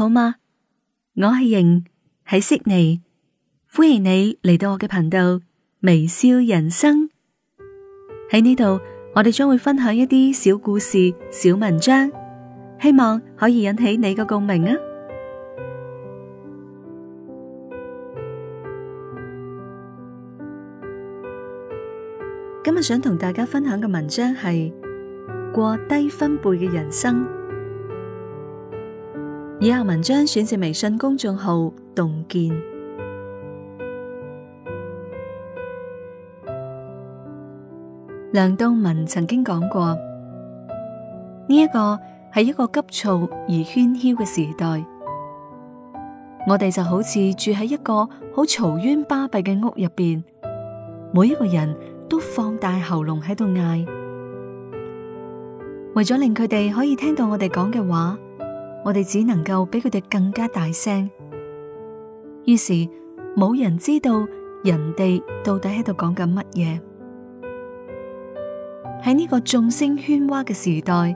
好嗎？我係瑩，喺悉尼，歡迎你嚟到我嘅頻道微笑人生。喺呢度，我哋將會分享一啲小故事、小文章，希望可以引起你嘅共鳴啊！今日想同大家分享嘅文章係過低分貝嘅人生。以下文章選自微信公眾號《洞見》。梁道文曾經講過：呢一個係一個急躁而喧囂嘅時代，我哋就好似住喺一個好嘈喧巴閉嘅屋入邊，每一個人都放大喉嚨喺度嗌，為咗令佢哋可以聽到我哋講嘅話。我哋只能夠比佢哋更加大聲，於是冇人知道人哋到底喺度講緊乜嘢。喺呢個眾聲喧嘩嘅時代，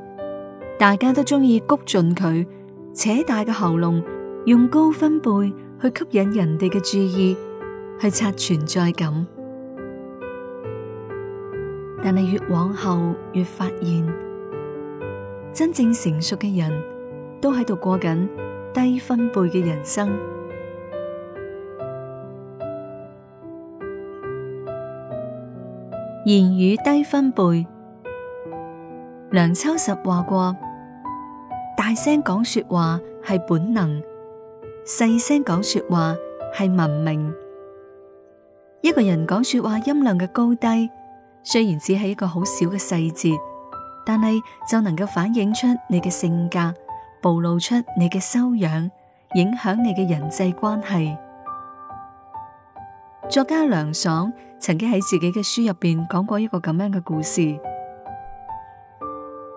大家都中意谷盡佢扯大個喉嚨，用高分貝去吸引人哋嘅注意，去刷存在感。但係越往後越發現，真正成熟嘅人。都喺度過緊低分貝嘅人生，言語低分貝。梁秋實話過：大聲講說話係本能，細聲講說話係文明。一個人講說話音量嘅高低，雖然只係一個好小嘅細節，但係就能夠反映出你嘅性格。暴露出你嘅修養，影響你嘅人際關係。作家梁爽曾經喺自己嘅書入邊講過一個咁樣嘅故事。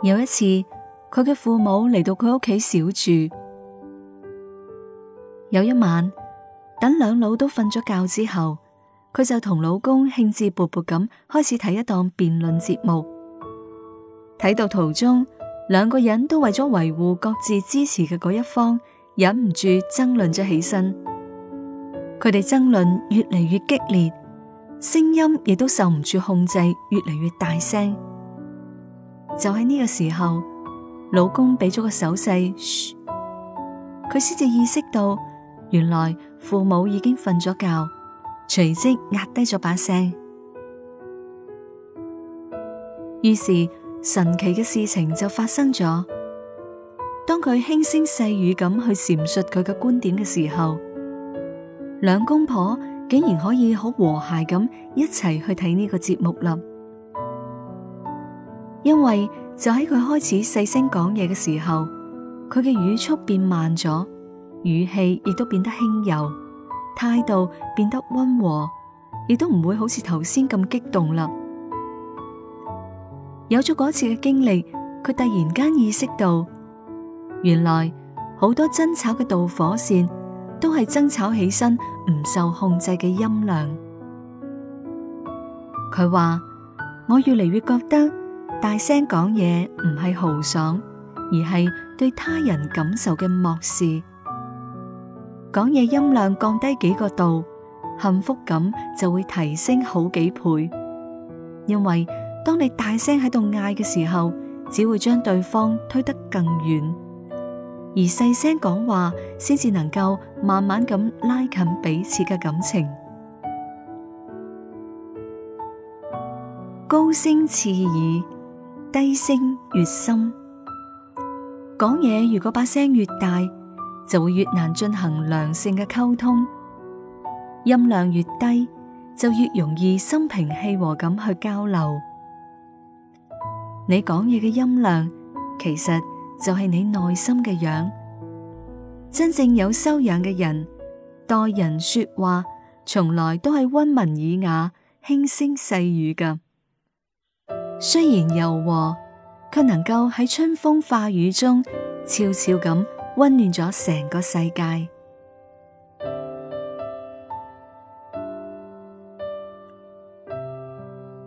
有一次，佢嘅父母嚟到佢屋企小住。有一晚，等兩老都瞓咗覺之後，佢就同老公興致勃勃咁開始睇一檔辯論節目。睇到途中，兩個人都為咗維護各自支持嘅嗰一方，忍唔住爭論咗起身。佢哋爭論越嚟越激烈，聲音亦都受唔住控制，越嚟越大聲。就喺呢個時候，老公俾咗個手勢，噓，佢先至意識到原來父母已經瞓咗覺，隨即壓低咗把聲。於是。神奇嘅事情就發生咗。當佢輕聲細語咁去闡述佢嘅觀點嘅時候，兩公婆竟然可以好和諧咁一齊去睇呢個節目啦。因為就喺佢開始細聲講嘢嘅時候，佢嘅語速變慢咗，語氣亦都變得輕柔，態度變得溫和，亦都唔會好似頭先咁激動啦。有咗嗰次嘅經歷，佢突然間意識到，原來好多爭吵嘅導火線都係爭吵起身唔受控制嘅音量。佢話：我越嚟越覺得大聲講嘢唔係豪爽，而係對他人感受嘅漠視。講嘢音量降低幾個度，幸福感就會提升好幾倍，因為。當你大聲喺度嗌嘅時候，只會將對方推得更遠；而細聲講話，先至能夠慢慢咁拉近彼此嘅感情。高聲刺耳，低聲越深。講嘢如果把聲越大，就會越難進行良性嘅溝通；音量越低，就越容易心平氣和咁去交流。你講嘢嘅音量，其實就係你內心嘅樣。真正有修養嘅人，待人說話從來都係溫文爾雅、輕聲細語㗎。雖然柔和，卻能夠喺春風化雨中悄悄咁溫暖咗成個世界。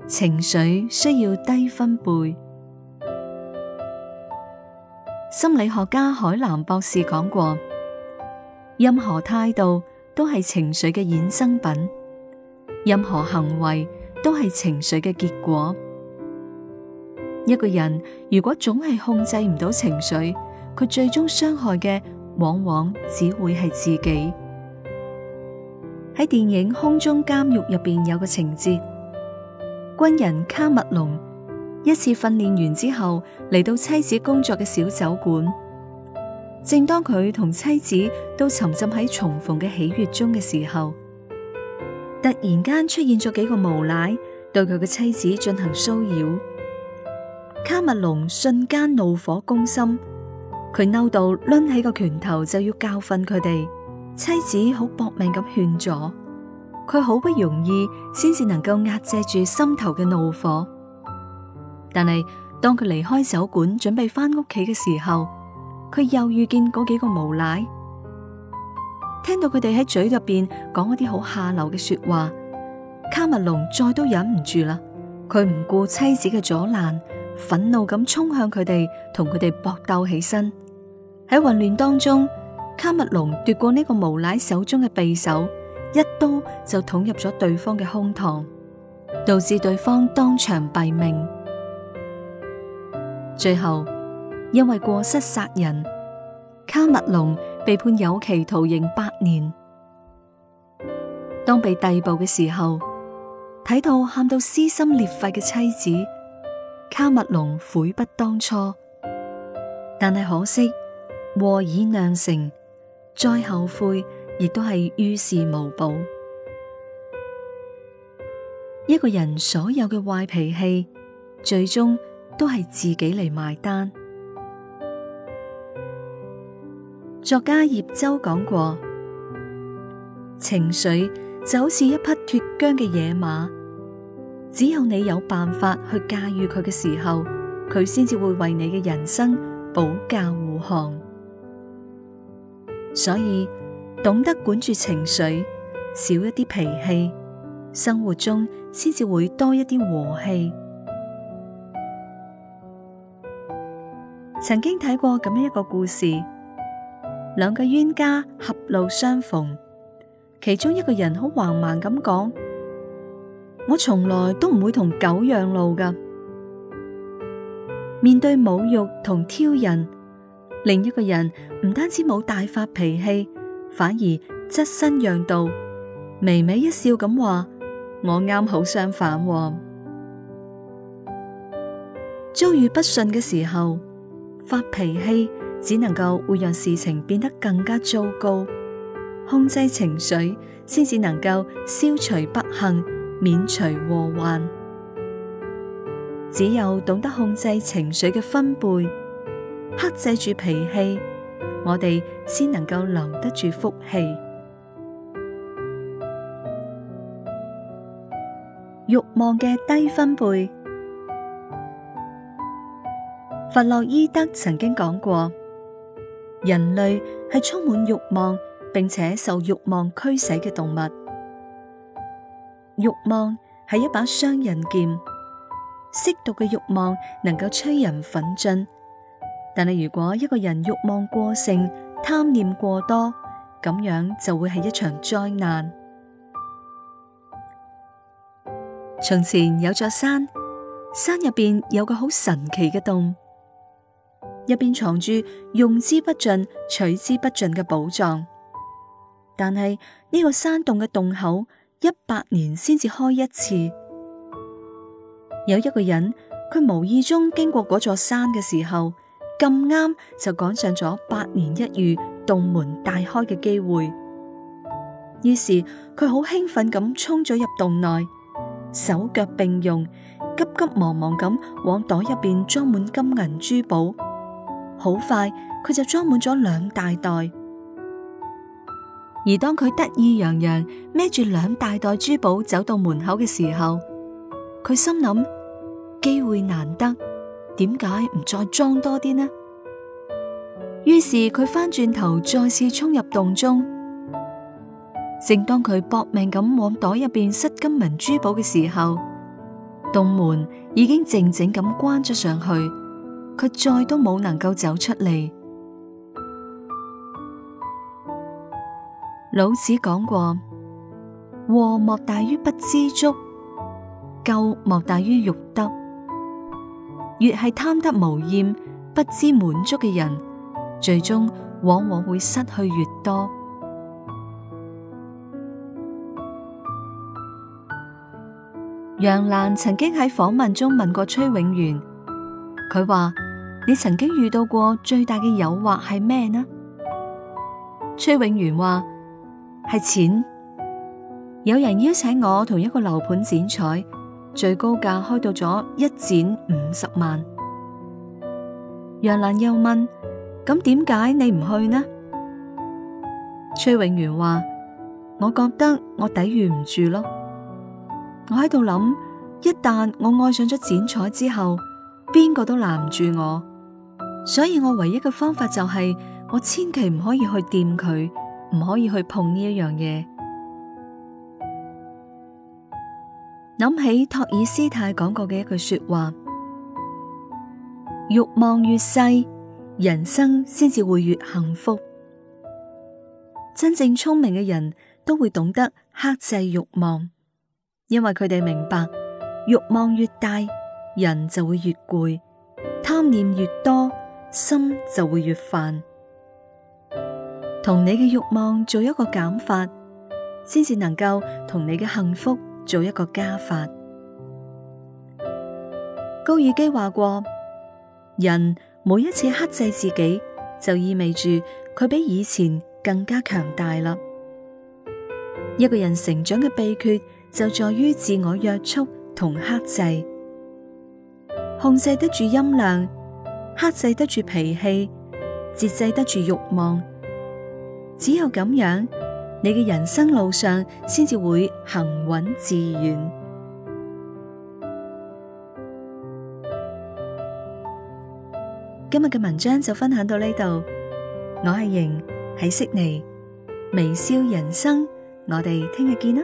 情緒需要低分貝。心理學家海藍博士講過：任何態度都係情緒嘅衍生品，任何行為都係情緒嘅結果。一個人如果總係控制唔到情緒，佢最終傷害嘅往往只會係自己。喺電影《空中監獄》入邊有個情節，軍人卡麥隆。一次訓練完之後，嚟到妻子工作嘅小酒館。正當佢同妻子都沉浸喺重逢嘅喜悅中嘅時候，突然間出現咗幾個無賴，對佢嘅妻子進行騷擾。卡麥隆瞬間怒火攻心，佢嬲到掄起個拳頭就要教訓佢哋。妻子好搏命咁勸阻，佢好不容易先至能夠壓制住心頭嘅怒火。但係，當佢離開酒館準備翻屋企嘅時候，佢又遇見嗰幾個無賴。聽到佢哋喺嘴入邊講一啲好下流嘅說話，卡麥龍再都忍唔住啦。佢唔顧妻子嘅阻攔，憤怒咁衝向佢哋，同佢哋搏鬥起身。喺混亂當中，卡麥龍奪過呢個無賴手中嘅匕首，一刀就捅入咗對方嘅胸膛，導致對方當場斃命。最後，因為過失殺人，卡麥隆被判有期徒刑八年。當被逮捕嘅時候，睇到喊到撕心裂肺嘅妻子，卡麥隆悔不當初。但係可惜，禍已釀成，再後悔亦都係於事無補。一個人所有嘅壞脾氣，最終。都係自己嚟埋單。作家葉舟講過：情緒就好似一匹脫繮嘅野馬，只有你有辦法去駕馭佢嘅時候，佢先至會為你嘅人生保駕護航。所以，懂得管住情緒，少一啲脾氣，生活中先至會多一啲和氣。曾經睇過咁樣一個故事，兩個冤家狹路相逢，其中一個人好橫蠻咁講：我從來都唔會同狗讓路㗎。面對侮辱同挑釁，另一個人唔單止冇大發脾氣，反而側身讓道，微微一笑咁話：我啱好相反。遭遇不順嘅時候，發脾氣只能夠會讓事情變得更加糟糕，控制情緒先至能夠消除不幸，免除禍患。只有懂得控制情緒嘅分貝，克制住脾氣，我哋先能夠留得住福氣。欲望嘅低分貝。弗洛伊德曾經講過：人類係充滿欲望並且受欲望驅使嘅動物。欲望係一把雙刃劍，適度嘅欲望能夠催人奮進，但係如果一個人欲望過盛、貪念過多，咁樣就會係一場災難。從前有座山，山入邊有個好神奇嘅洞。一邊藏住用之不盡、取之不盡嘅寶藏，但係呢個山洞嘅洞口一百年先至開一次。有一個人佢無意中經過嗰座山嘅時候，咁啱就趕上咗百年一遇洞門大開嘅機會。於是佢好興奮咁衝咗入洞內，手腳並用，急急忙忙咁往袋入邊裝滿金銀珠寶。好快，佢就裝滿咗兩大袋。而當佢得意洋洋孭住兩大袋珠寶走到門口嘅時候，佢心諗機會難得，點解唔再裝多啲呢？於是佢翻轉頭再次衝入洞中。正當佢搏命咁往袋入邊塞金銀珠寶嘅時候，洞門已經靜靜咁關咗上去。佢再都冇能夠走出嚟。老子講過：禍莫大於不知足，咎莫大於欲得。越係貪得無厭、不知滿足嘅人，最終往往會失去越多。楊瀾曾經喺訪問中問過崔永元，佢話。你曾經遇到過最大嘅誘惑係咩呢？崔永元話係錢，有人邀請我同一個樓盤剪彩，最高價開到咗一剪五十萬。楊瀾又問：咁點解你唔去呢？崔永元話：我覺得我抵禦唔住咯，我喺度諗，一旦我愛上咗剪彩之後，邊個都攔唔住我。所以我唯一嘅方法就係，我千祈唔可以去掂佢，唔可以去碰呢一樣嘢。諗起托爾斯泰講過嘅一句說話，慾望越細，人生先至會越幸福。真正聰明嘅人都會懂得克制慾望，因為佢哋明白，慾望越大，人就會越攰，貪念越多。心就會越煩，同你嘅欲望做一個減法，先至能夠同你嘅幸福做一個加法。高爾基話過：人每一次克制自己，就意味住佢比以前更加強大啦。一個人成長嘅秘訣就在於自我約束同克制，控制得住音量，克制得住脾氣，節制得住慾望，只有咁樣，你嘅人生路上先至會行穩致遠。今日嘅文章就分享到呢度，我係瑩，喺悉尼微笑人生，我哋聽日見啦。